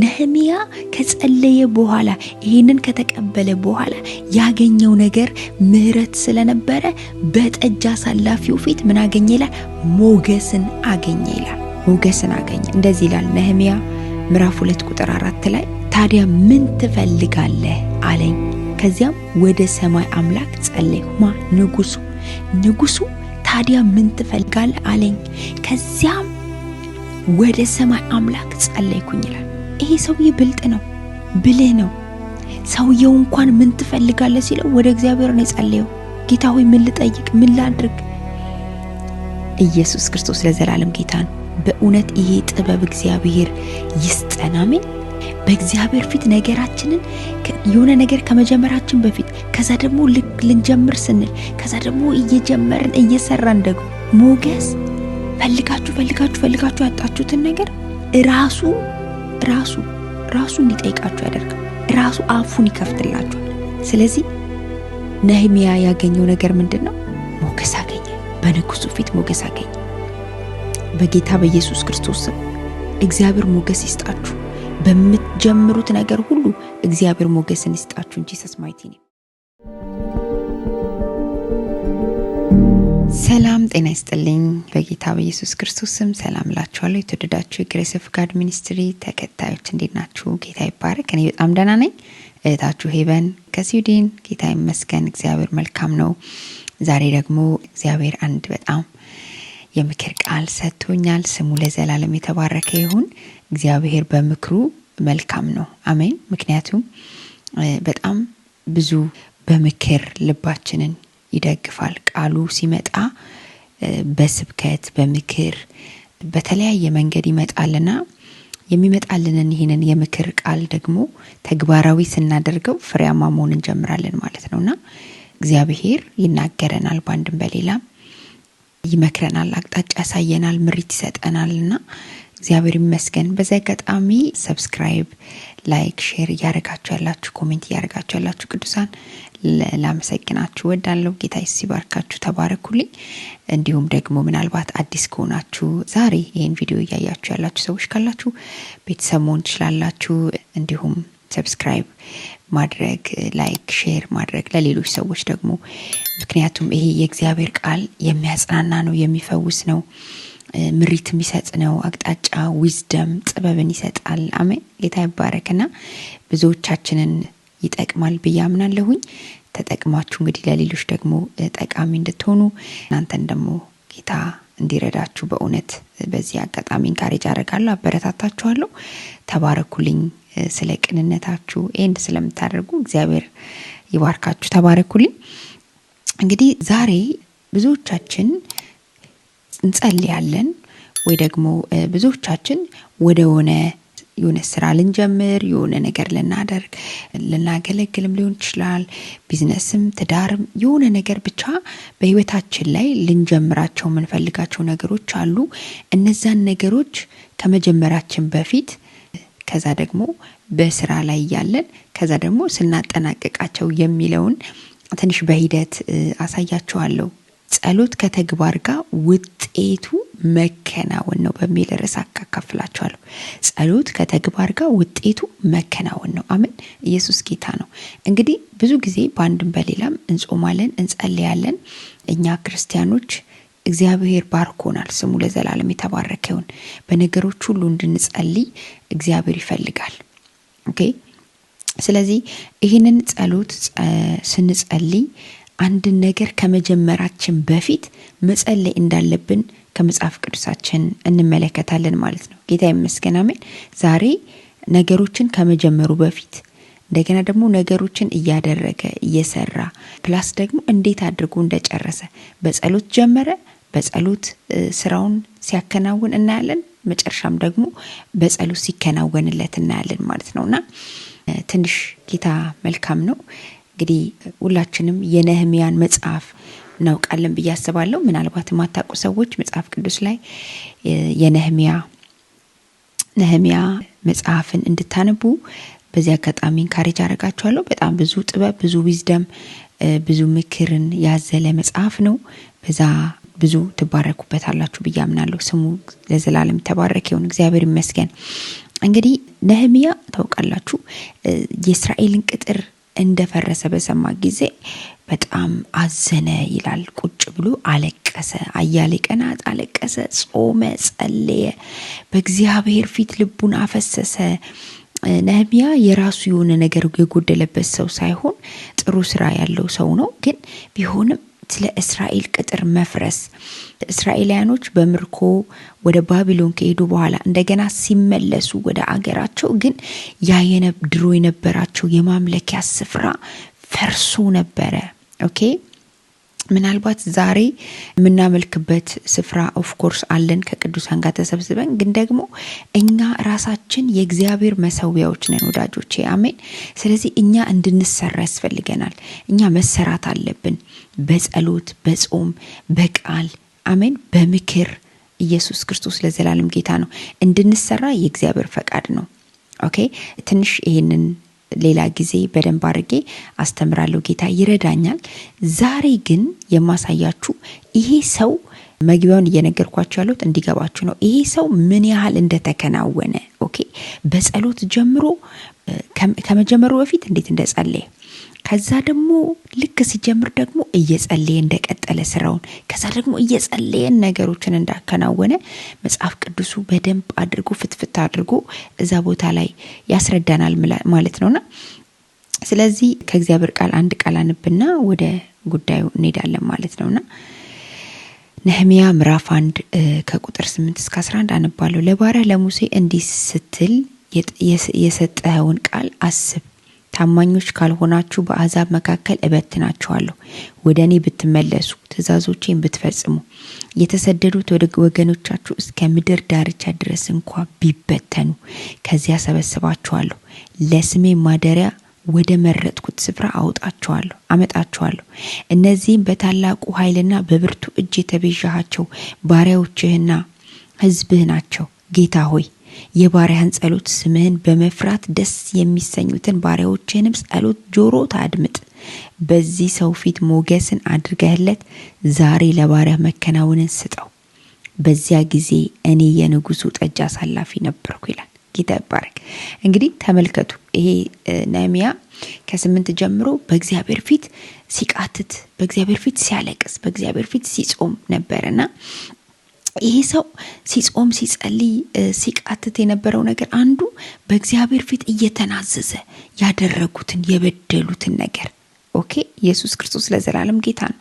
ነህሚያ ከጸለየ በኋላ ይህንን ከተቀበለ በኋላ ያገኘው ነገር ምህረት ስለነበረ በጠጅ አሳላፊው ፊት ምን አገኘ ይላል? ሞገስን አገኘ ይላል። ሞገስን አገኘ። እንደዚህ ይላል ነህሚያ ምዕራፍ ሁለት ቁጥር አራት ላይ ታዲያ ምን ትፈልጋለህ አለኝ። ከዚያም ወደ ሰማይ አምላክ ጸለይሁ። ማ ንጉሱ ንጉሱ ታዲያ ምን ትፈልጋለህ አለኝ። ከዚያም ወደ ሰማይ አምላክ ጸለይኩኝ ይላል። ይሄ ሰውዬ ብልጥ ነው፣ ብልህ ነው። ሰውየው እንኳን ምን ትፈልጋለ ሲለው ወደ እግዚአብሔር ነው የጸለየው። ጌታ ሆይ ምን ልጠይቅ፣ ምን ላድርግ? ኢየሱስ ክርስቶስ ለዘላለም ጌታ ነው። በእውነት ይሄ ጥበብ እግዚአብሔር ይስጠን። በእግዚአብሔር ፊት ነገራችንን የሆነ ነገር ከመጀመራችን በፊት ከዛ ደግሞ ልንጀምር ስንል ከዛ ደግሞ እየጀመርን እየሰራን ደግሞ ሞገስ ፈልጋችሁ ፈልጋችሁ ፈልጋችሁ ያጣችሁትን ነገር ራሱ ራሱ ራሱ እንዲጠይቃችሁ ያደርጋል። ራሱ አፉን ይከፍትላችኋል። ስለዚህ ነህሚያ ያገኘው ነገር ምንድን ነው? ሞገስ አገኘ። በንጉሱ ፊት ሞገስ አገኘ። በጌታ በኢየሱስ ክርስቶስ ስም እግዚአብሔር ሞገስ ይስጣችሁ። በምትጀምሩት ነገር ሁሉ እግዚአብሔር ሞገስን ይስጣችሁ እንጂ ሰስማይቲ ሰላም ጤና ይስጥልኝ። በጌታ በኢየሱስ ክርስቶስ ስም ሰላም እላችኋለሁ። የተወደዳችሁ የግሬስ ኦፍ ጋድ ሚኒስትሪ ተከታዮች እንዴት ናችሁ? ጌታ ይባረክ። እኔ በጣም ደህና ነኝ። እህታችሁ ሄበን ከስዊድን። ጌታ ይመስገን፣ እግዚአብሔር መልካም ነው። ዛሬ ደግሞ እግዚአብሔር አንድ በጣም የምክር ቃል ሰጥቶኛል። ስሙ ለዘላለም የተባረከ ይሁን። እግዚአብሔር በምክሩ መልካም ነው። አሜን። ምክንያቱም በጣም ብዙ በምክር ልባችንን ይደግፋል። ቃሉ ሲመጣ በስብከት በምክር በተለያየ መንገድ ይመጣልና የሚመጣልንን ይህንን የምክር ቃል ደግሞ ተግባራዊ ስናደርገው ፍሬያማ መሆን እንጀምራለን ማለት ነውና እግዚአብሔር ይናገረናል በአንድም በሌላም ይመክረናል፣ አቅጣጫ ያሳየናል፣ ምሪት ይሰጠናል እና እግዚአብሔር ይመስገን። በዚህ አጋጣሚ ሰብስክራይብ፣ ላይክ፣ ሼር እያደረጋችሁ ያላችሁ ኮሜንት እያደረጋችሁ ያላችሁ ቅዱሳን ላመሰግናችሁ ወዳለው ጌታ ሲባርካችሁ ተባረኩልኝ። እንዲሁም ደግሞ ምናልባት አዲስ ከሆናችሁ ዛሬ ይህን ቪዲዮ እያያችሁ ያላችሁ ሰዎች ካላችሁ ቤተሰብ መሆን ትችላላችሁ። እንዲሁም ሰብስክራይብ ማድረግ ላይክ ሼር ማድረግ ለሌሎች ሰዎች ደግሞ ምክንያቱም ይሄ የእግዚአብሔር ቃል የሚያጽናና ነው፣ የሚፈውስ ነው፣ ምሪት የሚሰጥ ነው፣ አቅጣጫ ዊዝደም ጥበብን ይሰጣል። አሜን። ጌታ ና ብዙዎቻችንን ይጠቅማል ብዬ አምናለሁኝ። ተጠቅማችሁ እንግዲህ ለሌሎች ደግሞ ጠቃሚ እንድትሆኑ እናንተን ደግሞ ጌታ እንዲረዳችሁ በእውነት በዚህ አጋጣሚ እንካሬጅ አደርጋለሁ፣ አበረታታችኋለሁ። ተባረኩልኝ። ስለ ቅንነታችሁ ኤንድ ስለምታደርጉ እግዚአብሔር ይባርካችሁ። ተባረኩልኝ። እንግዲህ ዛሬ ብዙዎቻችን እንጸልያለን ወይ ደግሞ ብዙዎቻችን ወደ ሆነ የሆነ ስራ ልንጀምር የሆነ ነገር ልናደርግ ልናገለግልም ሊሆን ይችላል። ቢዝነስም፣ ትዳርም የሆነ ነገር ብቻ በህይወታችን ላይ ልንጀምራቸው የምንፈልጋቸው ነገሮች አሉ። እነዛን ነገሮች ከመጀመራችን በፊት ከዛ ደግሞ በስራ ላይ እያለን ከዛ ደግሞ ስናጠናቀቃቸው የሚለውን ትንሽ በሂደት አሳያችኋለሁ። ጸሎት ከተግባር ጋር ውጤቱ መከናወን ነው በሚል ርዕስ አካፍላችኋለሁ። ጸሎት ከተግባር ጋር ውጤቱ መከናወን ነው። አምን ኢየሱስ ጌታ ነው። እንግዲህ ብዙ ጊዜ በአንድም በሌላም እንጾማለን፣ እንጸልያለን እኛ ክርስቲያኖች እግዚአብሔር ባርኮናል። ስሙ ለዘላለም የተባረከ ይሁን። በነገሮች ሁሉ እንድንጸልይ እግዚአብሔር ይፈልጋል። ኦኬ። ስለዚህ ይህንን ጸሎት ስንጸልይ አንድን ነገር ከመጀመራችን በፊት መጸለይ እንዳለብን ከመጽሐፍ ቅዱሳችን እንመለከታለን ማለት ነው። ጌታ ይመስገን። አሜን። ዛሬ ነገሮችን ከመጀመሩ በፊት እንደገና ደግሞ ነገሮችን እያደረገ እየሰራ ፕላስ ደግሞ እንዴት አድርጎ እንደጨረሰ በጸሎት ጀመረ፣ በጸሎት ስራውን ሲያከናውን እናያለን። መጨረሻም ደግሞ በጸሎት ሲከናወንለት እናያለን ማለት እና ትንሽ ጌታ መልካም ነው። እንግዲህ ሁላችንም የነህሚያን መጽሐፍ እናውቃለን ብዬ አስባለሁ። ምናልባት የማታውቁ ሰዎች መጽሐፍ ቅዱስ ላይ የነህሚያ ነህሚያ መጽሐፍን እንድታነቡ በዚህ አጋጣሚ ኢንካሬጅ አደርጋችኋለሁ። በጣም ብዙ ጥበብ፣ ብዙ ዊዝደም፣ ብዙ ምክርን ያዘለ መጽሐፍ ነው። በዛ ብዙ ትባረኩበታላችሁ ብዬ አምናለሁ። ስሙ ለዘላለም ተባረክ ይሁን፣ እግዚአብሔር ይመስገን። እንግዲህ ነህምያ ታውቃላችሁ የእስራኤልን ቅጥር እንደፈረሰ በሰማ ጊዜ በጣም አዘነ ይላል። ቁጭ ብሎ አለቀሰ። አያሌ ቀናት አለቀሰ፣ ጾመ፣ ጸለየ፣ በእግዚአብሔር ፊት ልቡን አፈሰሰ። ነህሚያ የራሱ የሆነ ነገር የጎደለበት ሰው ሳይሆን ጥሩ ስራ ያለው ሰው ነው። ግን ቢሆንም ስለ እስራኤል ቅጥር መፍረስ እስራኤላውያኖች በምርኮ ወደ ባቢሎን ከሄዱ በኋላ እንደገና ሲመለሱ ወደ አገራቸው ግን ያ ድሮ የነበራቸው የማምለኪያ ስፍራ ፈርሶ ነበረ። ኦኬ ምናልባት ዛሬ የምናመልክበት ስፍራ ኦፍኮርስ አለን ከቅዱሳን ጋር ተሰብስበን፣ ግን ደግሞ እኛ ራሳችን የእግዚአብሔር መሰዊያዎች ነን ወዳጆች፣ አሜን። ስለዚህ እኛ እንድንሰራ ያስፈልገናል። እኛ መሰራት አለብን፣ በጸሎት በጾም በቃል አሜን፣ በምክር ኢየሱስ ክርስቶስ ለዘላለም ጌታ ነው። እንድንሰራ የእግዚአብሔር ፈቃድ ነው። ኦኬ፣ ትንሽ ይሄንን ሌላ ጊዜ በደንብ አድርጌ አስተምራለሁ። ጌታ ይረዳኛል። ዛሬ ግን የማሳያችሁ ይሄ ሰው መግቢያውን እየነገርኳቸው ያለሁት እንዲገባችሁ ነው። ይሄ ሰው ምን ያህል እንደተከናወነ ኦኬ። በጸሎት ጀምሮ ከመጀመሩ በፊት እንዴት እንደጸለየ ከዛ ደግሞ ልክ ሲጀምር ደግሞ እየጸለየ እንደቀጠለ ስራውን ከዛ ደግሞ እየጸለየን ነገሮችን እንዳከናወነ መጽሐፍ ቅዱሱ በደንብ አድርጎ ፍትፍት አድርጎ እዛ ቦታ ላይ ያስረዳናል ማለት ነውና ስለዚህ ከእግዚአብሔር ቃል አንድ ቃል አንብና ወደ ጉዳዩ እንሄዳለን ማለት ነውና ነህሚያ ምዕራፍ አንድ ከቁጥር ስምንት እስከ አስራ አንድ አነባለሁ። ለባሪያ ለሙሴ እንዲህ ስትል የሰጠኸውን ቃል አስብ ታማኞች ካልሆናችሁ በአሕዛብ መካከል እበትናችኋለሁ። ወደ እኔ ብትመለሱ ትእዛዞቼን ብትፈጽሙ የተሰደዱት ወደ ወገኖቻችሁ እስከ ምድር ዳርቻ ድረስ እንኳ ቢበተኑ ከዚያ ሰበስባችኋለሁ። ለስሜ ማደሪያ ወደ መረጥኩት ስፍራ አውጣችኋለሁ አመጣችኋለሁ። እነዚህም በታላቁ ኃይልና በብርቱ እጅ የተቤዣሃቸው ባሪያዎችህና ሕዝብህ ናቸው። ጌታ ሆይ የባሪያህን ጸሎት ስምህን በመፍራት ደስ የሚሰኙትን ባሪያዎችህንም ጸሎት ጆሮ ታድምጥ። በዚህ ሰው ፊት ሞገስን አድርገህለት ዛሬ ለባሪያ መከናወንን ስጠው። በዚያ ጊዜ እኔ የንጉሱ ጠጅ አሳላፊ ነበርኩ ይላል ጌታ ይባረክ። እንግዲህ ተመልከቱ፣ ይሄ ነህምያ ከስምንት ጀምሮ በእግዚአብሔር ፊት ሲቃትት፣ በእግዚአብሔር ፊት ሲያለቅስ፣ በእግዚአብሔር ፊት ሲጾም ነበርና ይሄ ሰው ሲጾም ሲጸልይ ሲቃትት የነበረው ነገር አንዱ በእግዚአብሔር ፊት እየተናዘዘ ያደረጉትን የበደሉትን ነገር ኦኬ ኢየሱስ ክርስቶስ ለዘላለም ጌታ ነው።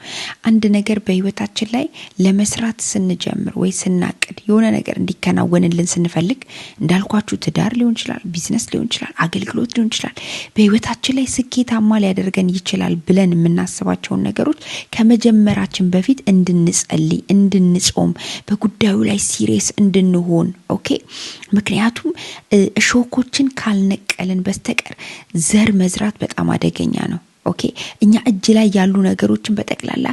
አንድ ነገር በህይወታችን ላይ ለመስራት ስንጀምር ወይ ስናቅድ የሆነ ነገር እንዲከናወንልን ስንፈልግ እንዳልኳችሁ ትዳር ሊሆን ይችላል፣ ቢዝነስ ሊሆን ይችላል፣ አገልግሎት ሊሆን ይችላል፣ በህይወታችን ላይ ስኬታማ ሊያደርገን ይችላል ብለን የምናስባቸውን ነገሮች ከመጀመራችን በፊት እንድንጸልይ፣ እንድንጾም፣ በጉዳዩ ላይ ሲሪየስ እንድንሆን ኦኬ። ምክንያቱም እሾኮችን ካልነቀልን በስተቀር ዘር መዝራት በጣም አደገኛ ነው። ኦኬ እኛ እጅ ላይ ያሉ ነገሮችን በጠቅላላ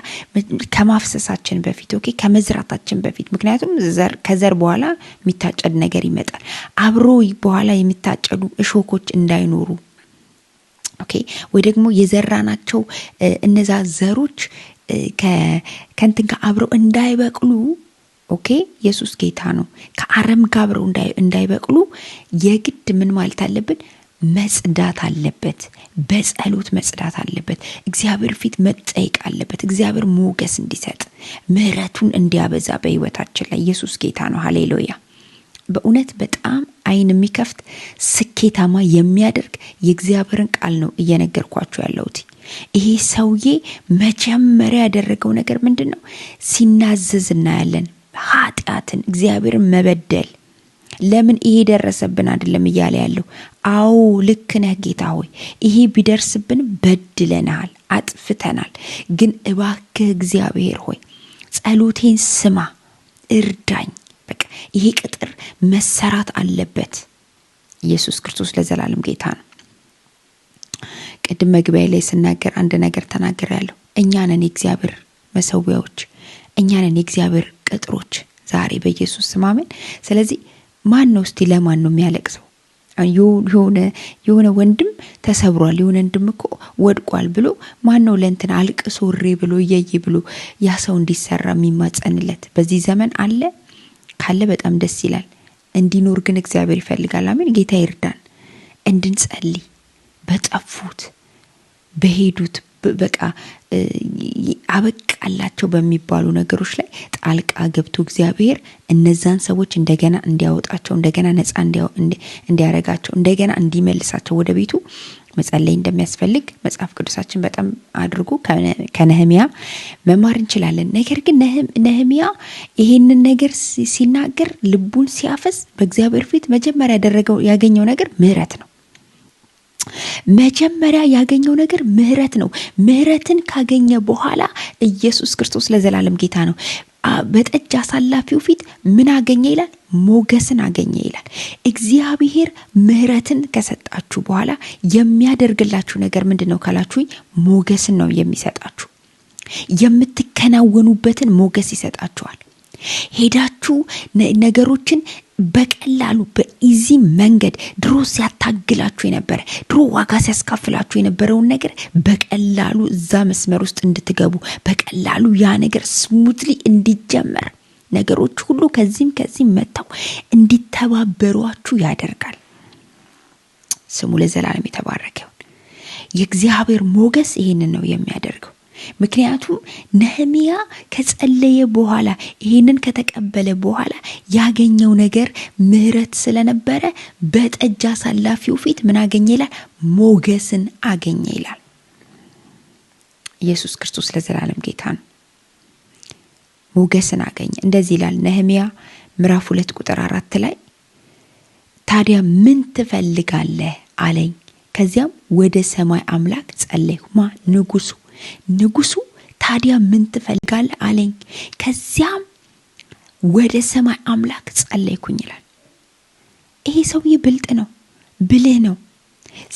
ከማፍሰሳችን በፊት ኦኬ ከመዝራታችን በፊት ምክንያቱም ዘር ከዘር በኋላ የሚታጨድ ነገር ይመጣል። አብሮ በኋላ የሚታጨዱ እሾኮች እንዳይኖሩ ኦኬ ወይ ደግሞ የዘራናቸው እነዛ ዘሮች ከንትን ጋር አብረው እንዳይበቅሉ ኦኬ ኢየሱስ ጌታ ነው። ከአረም ጋር አብረው እንዳይበቅሉ የግድ ምን ማለት አለብን? መጽዳት አለበት። በጸሎት መጽዳት አለበት። እግዚአብሔር ፊት መጠየቅ አለበት። እግዚአብሔር ሞገስ እንዲሰጥ ምሕረቱን እንዲያበዛ በህይወታችን ላይ ኢየሱስ ጌታ ነው። ሀሌሉያ በእውነት በጣም አይን የሚከፍት ስኬታማ የሚያደርግ የእግዚአብሔርን ቃል ነው እየነገርኳቸው ያለሁት። ይሄ ሰውዬ መጀመሪያ ያደረገው ነገር ምንድን ነው? ሲናዘዝ እናያለን። ኃጢአትን፣ እግዚአብሔርን መበደል ለምን ይሄ ደረሰብን አይደለም እያለ ያለው። አዎ ልክ ነህ ጌታ ሆይ ይሄ ቢደርስብን በድለናል፣ አጥፍተናል። ግን እባክህ እግዚአብሔር ሆይ ጸሎቴን ስማ፣ እርዳኝ። በቃ ይሄ ቅጥር መሰራት አለበት። ኢየሱስ ክርስቶስ ለዘላለም ጌታ ነው። ቅድም መግቢያ ላይ ስናገር አንድ ነገር ተናገር ያለው እኛ ነን የእግዚአብሔር መሰዊያዎች፣ እኛ ነን የእግዚአብሔር ቅጥሮች ዛሬ በኢየሱስ ስም ስለዚህ ማን ነው እስቲ ለማን ነው የሚያለቅሰው? የሆነ ወንድም ተሰብሯል፣ የሆነ ወንድም እኮ ወድቋል ብሎ ማን ነው ለእንትን አልቅሶ እሬ ብሎ እየይ ብሎ ያ ሰው እንዲሰራ የሚማጸንለት በዚህ ዘመን አለ? ካለ በጣም ደስ ይላል። እንዲኖር ግን እግዚአብሔር ይፈልጋል። አሜን። ጌታ ይርዳን እንድንጸልይ በጠፉት በሄዱት በቃ አበቃላቸው በሚባሉ ነገሮች ላይ ጣልቃ ገብቶ እግዚአብሔር እነዛን ሰዎች እንደገና እንዲያወጣቸው እንደገና ነፃ እንዲያረጋቸው እንደገና እንዲመልሳቸው ወደ ቤቱ መጸለይ እንደሚያስፈልግ መጽሐፍ ቅዱሳችን በጣም አድርጎ ከነህሚያ መማር እንችላለን። ነገር ግን ነህሚያ ይሄንን ነገር ሲናገር ልቡን ሲያፈስ በእግዚአብሔር ፊት መጀመሪያ ያደረገው ያገኘው ነገር ምሕረት ነው። መጀመሪያ ያገኘው ነገር ምህረት ነው። ምህረትን ካገኘ በኋላ ኢየሱስ ክርስቶስ ለዘላለም ጌታ ነው። በጠጅ አሳላፊው ፊት ምን አገኘ ይላል? ሞገስን አገኘ ይላል። እግዚአብሔር ምህረትን ከሰጣችሁ በኋላ የሚያደርግላችሁ ነገር ምንድን ነው ካላችሁኝ፣ ሞገስን ነው የሚሰጣችሁ። የምትከናወኑበትን ሞገስ ይሰጣችኋል። ሄዳችሁ ነገሮችን በቀላሉ በኢዚ መንገድ ድሮ ሲያታግላችሁ የነበረ ድሮ ዋጋ ሲያስካፍላችሁ የነበረውን ነገር በቀላሉ እዛ መስመር ውስጥ እንድትገቡ በቀላሉ ያ ነገር ስሙትሊ እንዲጀመር ነገሮች ሁሉ ከዚህም ከዚህም መጥተው እንዲተባበሯችሁ ያደርጋል። ስሙ ለዘላለም የተባረከ ይሁን። የእግዚአብሔር ሞገስ ይህንን ነው የሚያደርገው። ምክንያቱም ነህሚያ ከጸለየ በኋላ ይህንን ከተቀበለ በኋላ ያገኘው ነገር ምህረት ስለነበረ በጠጅ አሳላፊው ፊት ምን አገኘ ይላል? ሞገስን አገኘ ይላል። ኢየሱስ ክርስቶስ ለዘላለም ጌታ ነው። ሞገስን አገኘ። እንደዚህ ይላል ነህሚያ ምዕራፍ ሁለት ቁጥር አራት ላይ ታዲያ ምን ትፈልጋለህ አለኝ። ከዚያም ወደ ሰማይ አምላክ ጸለይሁማ ንጉሱ ንጉሱ ታዲያ ምን ትፈልጋለህ አለኝ። ከዚያም ወደ ሰማይ አምላክ ጸለይኩኝ ይላል። ይሄ ሰውዬ ብልጥ ነው፣ ብልህ ነው።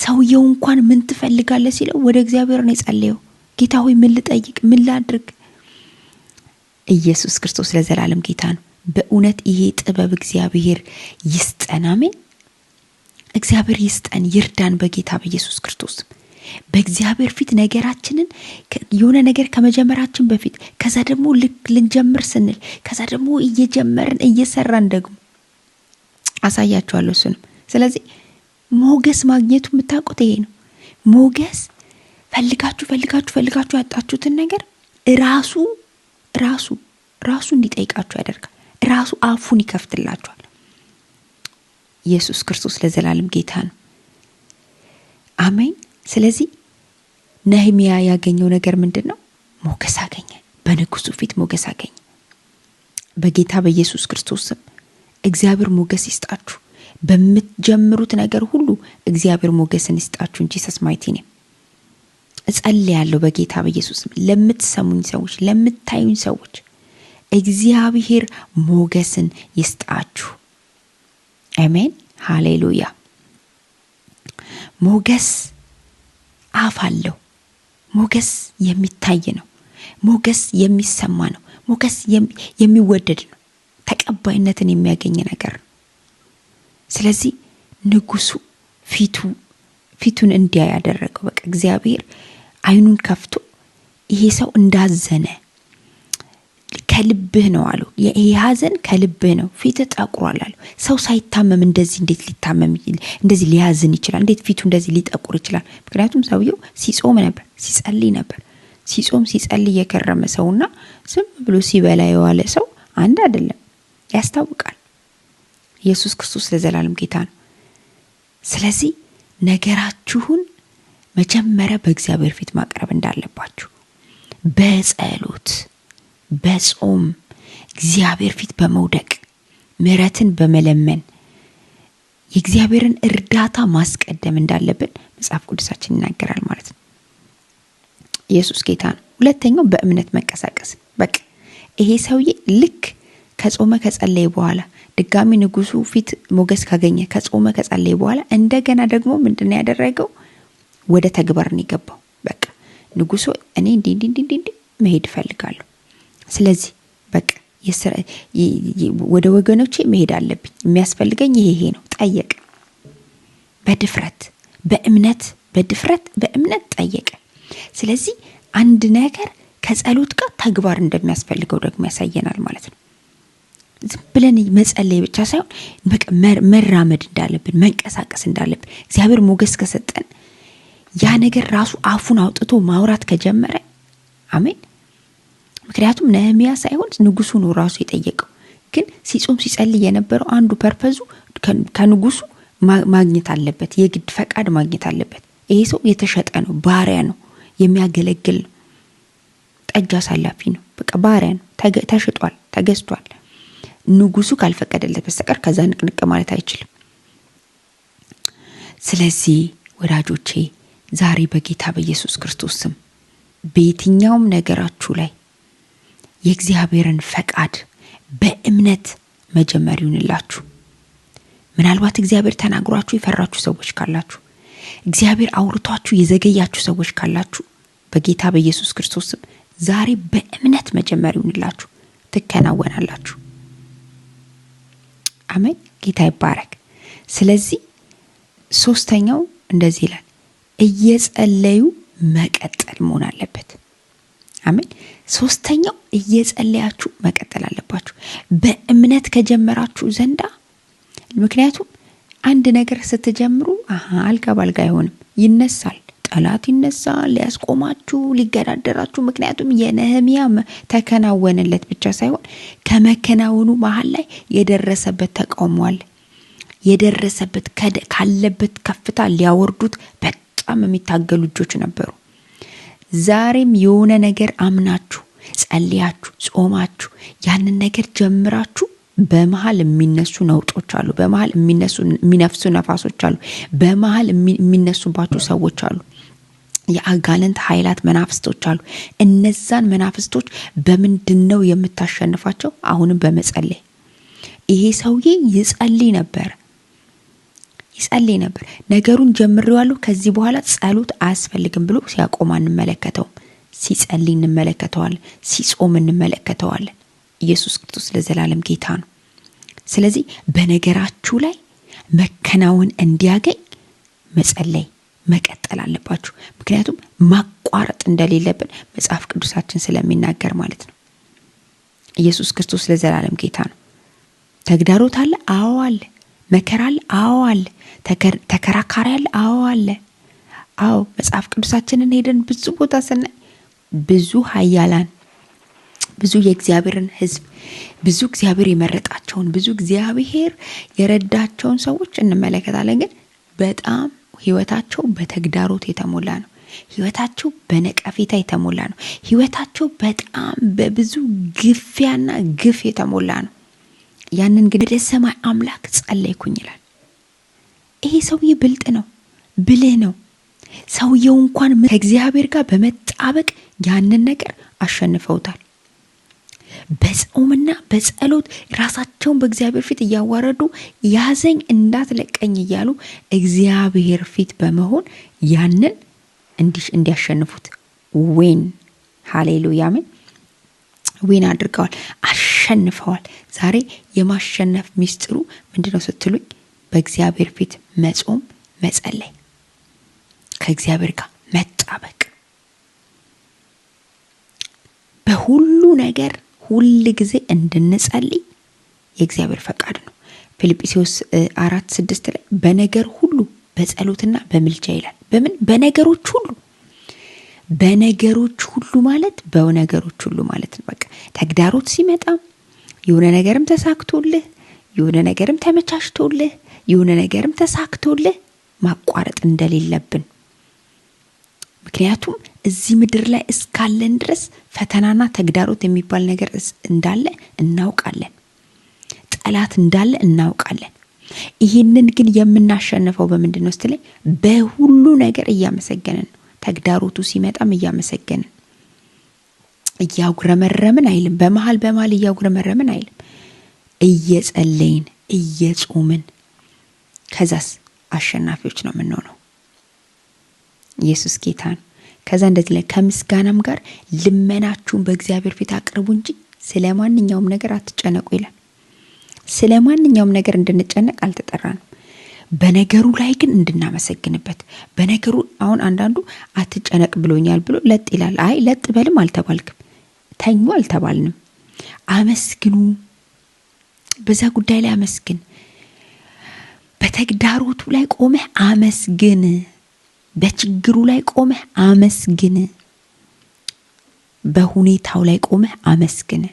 ሰውየው እንኳን ምን ትፈልጋለህ ሲለው ወደ እግዚአብሔር ነው የጸለየው። ጌታ ሆይ ምን ልጠይቅ? ምን ላድርግ? ኢየሱስ ክርስቶስ ለዘላለም ጌታ ነው። በእውነት ይሄ ጥበብ እግዚአብሔር ይስጠን። አሜን። እግዚአብሔር ይስጠን፣ ይርዳን በጌታ በኢየሱስ ክርስቶስ በእግዚአብሔር ፊት ነገራችንን የሆነ ነገር ከመጀመራችን በፊት ከዛ ደግሞ ልንጀምር ስንል ከዛ ደግሞ እየጀመርን እየሰራን ደግሞ አሳያችኋለሁ እሱንም። ስለዚህ ሞገስ ማግኘቱ የምታውቁት ይሄ ነው። ሞገስ ፈልጋችሁ ፈልጋችሁ ፈልጋችሁ ያጣችሁትን ነገር ራሱ ራሱ ራሱ እንዲጠይቃችሁ ያደርጋል። ራሱ አፉን ይከፍትላችኋል። ኢየሱስ ክርስቶስ ለዘላለም ጌታ ነው። አሜን። ስለዚህ ነህሚያ ያገኘው ነገር ምንድን ነው? ሞገስ አገኘ። በንጉሱ ፊት ሞገስ አገኘ። በጌታ በኢየሱስ ክርስቶስ ስም እግዚአብሔር ሞገስ ይስጣችሁ። በምትጀምሩት ነገር ሁሉ እግዚአብሔር ሞገስን ይስጣችሁ እንጂ ሰስማይቲ ኔም ያለው በጌታ በኢየሱስ ስም ለምትሰሙኝ ሰዎች፣ ለምታዩኝ ሰዎች እግዚአብሔር ሞገስን ይስጣችሁ። አሜን። ሃሌሉያ ሞገስ አፍ አለው። ሞገስ የሚታይ ነው። ሞገስ የሚሰማ ነው። ሞገስ የሚወደድ ነው። ተቀባይነትን የሚያገኝ ነገር ነው። ስለዚህ ንጉሱ ፊቱ ፊቱን እንዲያ ያደረገው በቃ እግዚአብሔር አይኑን ከፍቶ ይሄ ሰው እንዳዘነ ከልብህ ነው አሉ። ይሄ ሀዘን ከልብህ ነው፣ ፊት ጠቁሯል አሉ። ሰው ሳይታመም እንደዚህ እንዴት ሊታመም እንደዚህ ሊያዝን ይችላል? እንዴት ፊቱ እንደዚህ ሊጠቁር ይችላል? ምክንያቱም ሰውየው ሲጾም ነበር፣ ሲጸልይ ነበር። ሲጾም ሲጸልይ የከረመ ሰውና ዝም ብሎ ሲበላ የዋለ ሰው አንድ አይደለም፣ ያስታውቃል። ኢየሱስ ክርስቶስ ለዘላለም ጌታ ነው። ስለዚህ ነገራችሁን መጀመሪያ በእግዚአብሔር ፊት ማቅረብ እንዳለባችሁ በጸሎት በጾም እግዚአብሔር ፊት በመውደቅ ምሕረትን በመለመን የእግዚአብሔርን እርዳታ ማስቀደም እንዳለብን መጽሐፍ ቅዱሳችን ይናገራል ማለት ነው። ኢየሱስ ጌታ ነው። ሁለተኛው በእምነት መንቀሳቀስ። በቃ ይሄ ሰውዬ ልክ ከጾመ ከጸለየ በኋላ ድጋሚ ንጉሱ ፊት ሞገስ ካገኘ ከጾመ ከጸለየ በኋላ እንደገና ደግሞ ምንድን ያደረገው? ወደ ተግባር ነው የገባው። በቃ ንጉሱ እኔ እንዲ እንዲ እንዲ መሄድ እፈልጋለሁ ስለዚህ በቃ ወደ ወገኖቼ መሄድ አለብኝ፣ የሚያስፈልገኝ ይሄ ይሄ ነው። ጠየቀ በድፍረት በእምነት በድፍረት በእምነት ጠየቀ። ስለዚህ አንድ ነገር ከጸሎት ጋር ተግባር እንደሚያስፈልገው ደግሞ ያሳየናል ማለት ነው። ዝም ብለን መጸለይ ብቻ ሳይሆን መራመድ እንዳለብን መንቀሳቀስ እንዳለብን እግዚአብሔር ሞገስ ከሰጠን ያ ነገር ራሱ አፉን አውጥቶ ማውራት ከጀመረ አሜን ምክንያቱም ነህሚያ ሳይሆን ንጉሱ ነው ራሱ የጠየቀው። ግን ሲጾም ሲጸልይ የነበረው አንዱ ፐርፐዙ ከንጉሱ ማግኘት አለበት፣ የግድ ፈቃድ ማግኘት አለበት። ይሄ ሰው የተሸጠ ነው፣ ባሪያ ነው፣ የሚያገለግል ነው፣ ጠጅ አሳላፊ ነው፣ በቃ ባሪያ ነው፣ ተሽጧል፣ ተገዝቷል። ንጉሱ ካልፈቀደለት በስተቀር ከዛ ንቅንቅ ማለት አይችልም። ስለዚህ ወዳጆቼ ዛሬ በጌታ በኢየሱስ ክርስቶስ ስም በየትኛውም ነገራችሁ ላይ የእግዚአብሔርን ፈቃድ በእምነት መጀመር ይሁንላችሁ። ምናልባት እግዚአብሔር ተናግሯችሁ የፈራችሁ ሰዎች ካላችሁ፣ እግዚአብሔር አውርቷችሁ የዘገያችሁ ሰዎች ካላችሁ በጌታ በኢየሱስ ክርስቶስም ዛሬ በእምነት መጀመር ይሁንላችሁ። ትከናወናላችሁ። አመን ጌታ ይባረክ። ስለዚህ ሶስተኛው እንደዚህ ይላል፣ እየጸለዩ መቀጠል መሆን አለበት። አሜን። ሶስተኛው እየጸለያችሁ መቀጠል አለባችሁ በእምነት ከጀመራችሁ ዘንዳ። ምክንያቱም አንድ ነገር ስትጀምሩ አሀ አልጋ ባልጋ አይሆንም፣ ይነሳል ጠላት ይነሳል፣ ሊያስቆማችሁ፣ ሊገዳደራችሁ። ምክንያቱም የነህሚያ ተከናወነለት ብቻ ሳይሆን ከመከናወኑ መሀል ላይ የደረሰበት ተቃውሟል። የደረሰበት ካለበት ከፍታ ሊያወርዱት በጣም የሚታገሉ እጆች ነበሩ። ዛሬም የሆነ ነገር አምናችሁ ጸልያችሁ ጾማችሁ ያንን ነገር ጀምራችሁ በመሀል የሚነሱ ነውጦች አሉ። በመሀል የሚነፍሱ ነፋሶች አሉ። በመሀል የሚነሱባቸው ሰዎች አሉ። የአጋንንት ኃይላት መናፍስቶች አሉ። እነዛን መናፍስቶች በምንድን ነው የምታሸንፋቸው? አሁንም በመጸለይ። ይሄ ሰውዬ ይጸልይ ነበረ ይጸልይ ነበር። ነገሩን ጀምሬዋለሁ፣ ከዚህ በኋላ ጸሎት አያስፈልግም ብሎ ሲያቆም አንመለከተውም። ሲጸልይ እንመለከተዋለን። ሲጾም እንመለከተዋለን። ኢየሱስ ክርስቶስ ለዘላለም ጌታ ነው። ስለዚህ በነገራችሁ ላይ መከናወን እንዲያገኝ መጸለይ መቀጠል አለባችሁ። ምክንያቱም ማቋረጥ እንደሌለብን መጽሐፍ ቅዱሳችን ስለሚናገር ማለት ነው። ኢየሱስ ክርስቶስ ለዘላለም ጌታ ነው። ተግዳሮት አለ? አዎ አለ። መከራ አዎ አለ። ተከራካሪ አለ? አዎ አለ። አዎ መጽሐፍ ቅዱሳችንን ሄደን ብዙ ቦታ ስናይ ብዙ ኃያላን ብዙ የእግዚአብሔርን ሕዝብ ብዙ እግዚአብሔር የመረጣቸውን ብዙ እግዚአብሔር የረዳቸውን ሰዎች እንመለከታለን። ግን በጣም ህይወታቸው በተግዳሮት የተሞላ ነው። ህይወታቸው በነቀፌታ የተሞላ ነው። ህይወታቸው በጣም በብዙ ግፊያና ግፍ የተሞላ ነው። ያንን ግን ወደ ሰማይ አምላክ ጸለይኩኝ ይላል። ይሄ ሰውዬ ብልጥ ነው፣ ብልህ ነው። ሰውየው እንኳን ከእግዚአብሔር ጋር በመጣበቅ ያንን ነገር አሸንፈውታል። በጾምና በጸሎት ራሳቸውን በእግዚአብሔር ፊት እያዋረዱ ያዘኝ እንዳትለቀኝ እያሉ እግዚአብሔር ፊት በመሆን ያንን እንዲያሸንፉት ዊን ሃሌሉያ ምን ዊን አድርገዋል። አሸንፈዋል። ዛሬ የማሸነፍ ሚስጥሩ ምንድነው ስትሉኝ፣ በእግዚአብሔር ፊት መጾም፣ መጸለይ፣ ከእግዚአብሔር ጋር መጣበቅ፣ በሁሉ ነገር ሁል ጊዜ እንድንጸልይ የእግዚአብሔር ፈቃድ ነው። ፊልጵስዩስ አራት ስድስት ላይ በነገር ሁሉ በጸሎትና በምልጃ ይላል። በምን በነገሮች ሁሉ በነገሮች ሁሉ ማለት በነገሮች ሁሉ ማለት ነው። በቃ ተግዳሮት ሲመጣም የሆነ ነገርም ተሳክቶልህ የሆነ ነገርም ተመቻችቶልህ የሆነ ነገርም ተሳክቶልህ ማቋረጥ እንደሌለብን ምክንያቱም እዚህ ምድር ላይ እስካለን ድረስ ፈተናና ተግዳሮት የሚባል ነገር እንዳለ እናውቃለን። ጠላት እንዳለ እናውቃለን። ይህንን ግን የምናሸንፈው በምንድን ነው ስትለኝ፣ በሁሉ ነገር እያመሰገንን ነው። ተግዳሮቱ ሲመጣም እያመሰገንን እያጉረመረምን አይልም። በመሀል በመሀል እያጉረመረምን አይልም። እየጸለይን እየጾምን ከዛስ አሸናፊዎች ነው የምንሆነው። ኢየሱስ ጌታ ነው። ከዛ እንደዚህ ላይ ከምስጋናም ጋር ልመናችሁን በእግዚአብሔር ፊት አቅርቡ እንጂ ስለ ማንኛውም ነገር አትጨነቁ ይላል። ስለ ማንኛውም ነገር እንድንጨነቅ አልተጠራንም። በነገሩ ላይ ግን እንድናመሰግንበት በነገሩ አሁን አንዳንዱ አትጨነቅ ብሎኛል ብሎ ለጥ ይላል። አይ ለጥ በልም አልተባልክም፣ ተኙ አልተባልንም። አመስግኑ፣ በዛ ጉዳይ ላይ አመስግን። በተግዳሮቱ ላይ ቆመህ አመስግን። በችግሩ ላይ ቆመህ አመስግን። በሁኔታው ላይ ቆመህ አመስግን።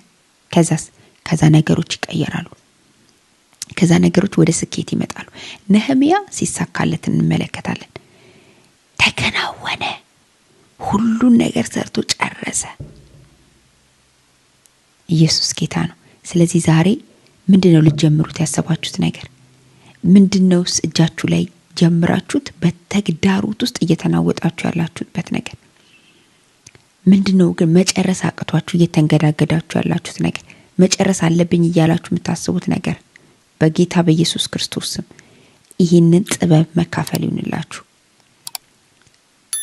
ከዛስ ከዛ ነገሮች ይቀየራሉ። ከዛ ነገሮች ወደ ስኬት ይመጣሉ። ነህሚያ ሲሳካለት እንመለከታለን። ተከናወነ፣ ሁሉን ነገር ሰርቶ ጨረሰ። ኢየሱስ ጌታ ነው። ስለዚህ ዛሬ ምንድን ነው ልጀምሩት ያሰባችሁት ነገር ምንድን ነውስ? እጃችሁ ላይ ጀምራችሁት በተግዳሮት ውስጥ እየተናወጣችሁ ያላችሁበት ነገር ምንድን ነው? ግን መጨረስ አቅቷችሁ እየተንገዳገዳችሁ ያላችሁት ነገር መጨረስ አለብኝ እያላችሁ የምታስቡት ነገር በጌታ በኢየሱስ ክርስቶስ ስም ይህንን ጥበብ መካፈል ይሁንላችሁ።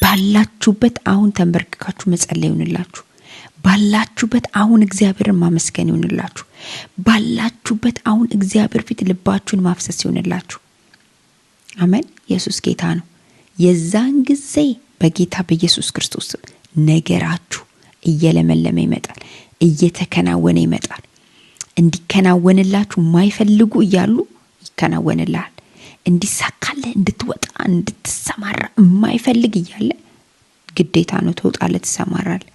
ባላችሁበት አሁን ተንበርክካችሁ መጸለይ ይሁንላችሁ። ባላችሁበት አሁን እግዚአብሔርን ማመስገን ይሁንላችሁ። ባላችሁበት አሁን እግዚአብሔር ፊት ልባችሁን ማፍሰስ ይሁንላችሁ። አሜን። ኢየሱስ ጌታ ነው። የዛን ጊዜ በጌታ በኢየሱስ ክርስቶስ ነገራችሁ እየለመለመ ይመጣል፣ እየተከናወነ ይመጣል። እንዲከናወንላችሁ ማይፈልጉ እያሉ ይከናወንላል እንዲሳካለ እንድትወጣ እንድትሰማራ የማይፈልግ እያለ ግዴታ ነው ተውጣለ ትሰማራለህ።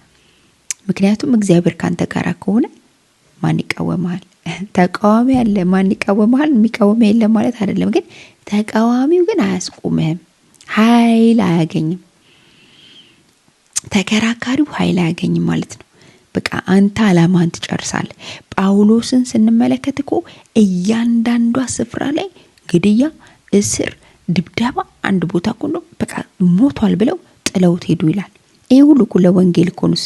ምክንያቱም እግዚአብሔር ካንተ ጋር ከሆነ ማን ይቃወመሃል? ተቃዋሚ አለ፣ ማን ይቃወመሃል? የሚቃወመ የለም ማለት አይደለም፣ ግን ተቃዋሚው ግን አያስቆምህም፣ ኃይል አያገኝም። ተከራካሪው ኃይል አያገኝም ማለት ነው። በቃ አንተ አላማን ትጨርሳለህ። ጳውሎስን ስንመለከት እኮ እያንዳንዷ ስፍራ ላይ ግድያ፣ እስር፣ ድብደባ አንድ ቦታ ኮኖ በቃ ሞቷል ብለው ጥለውት ሄዱ ይላል። ይህ ሁሉ እኮ ለወንጌል ኮኑስ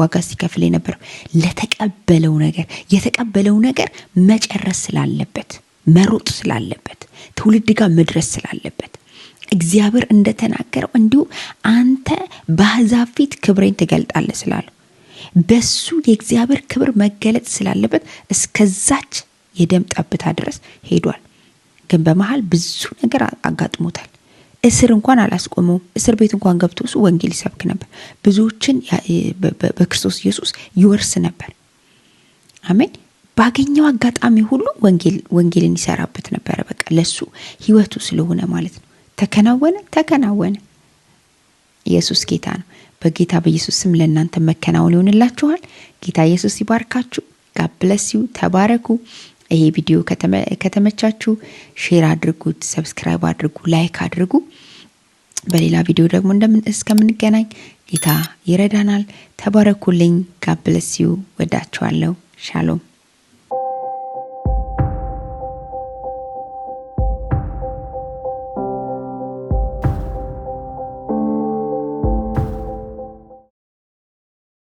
ዋጋ ሲከፍል የነበረው ለተቀበለው ነገር የተቀበለው ነገር መጨረስ ስላለበት መሮጥ ስላለበት ትውልድ ጋር መድረስ ስላለበት እግዚአብሔር እንደተናገረው እንዲሁ አንተ በአሕዛብ ፊት ክብሬን ትገልጣለህ ስላለው በሱ የእግዚአብሔር ክብር መገለጥ ስላለበት እስከዛች የደም ጠብታ ድረስ ሄዷል። ግን በመሀል ብዙ ነገር አጋጥሞታል። እስር እንኳን አላስቆመውም። እስር ቤት እንኳን ገብቶ እሱ ወንጌል ይሰብክ ነበር። ብዙዎችን በክርስቶስ ኢየሱስ ይወርስ ነበር። አሜን። ባገኘው አጋጣሚ ሁሉ ወንጌልን ይሰራበት ነበረ። በቃ ለሱ ህይወቱ ስለሆነ ማለት ነው። ተከናወነ ተከናወነ። ኢየሱስ ጌታ ነው። በጌታ በኢየሱስ ስም ለእናንተ መከናወን ይሆንላችኋል። ጌታ ኢየሱስ ይባርካችሁ። ጋብለሲው ተባረኩ። ይሄ ቪዲዮ ከተመቻችሁ ሼር አድርጉት፣ ሰብስክራይብ አድርጉ፣ ላይክ አድርጉ። በሌላ ቪዲዮ ደግሞ እንደምን እስከምንገናኝ ጌታ ይረዳናል። ተባረኩልኝ። ጋብለሲው ወዳችኋለሁ። ሻሎም